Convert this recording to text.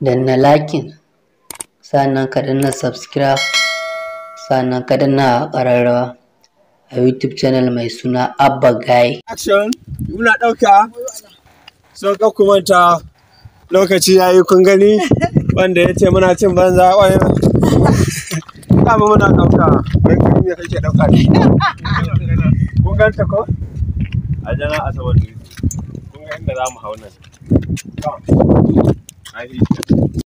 danna like sannan ka danna subscribe sannan ka danna ƙararrawa a youtube channel mai suna abba guy action muna ɗauka so ka kumanta lokaci ya yi kun gani wanda ya ce muna cin banza wani kama muna ɗauka wani kuma me kake ɗauka ne kun ganta ko a jana asabar kun ga inda za mu hau nan I hate you.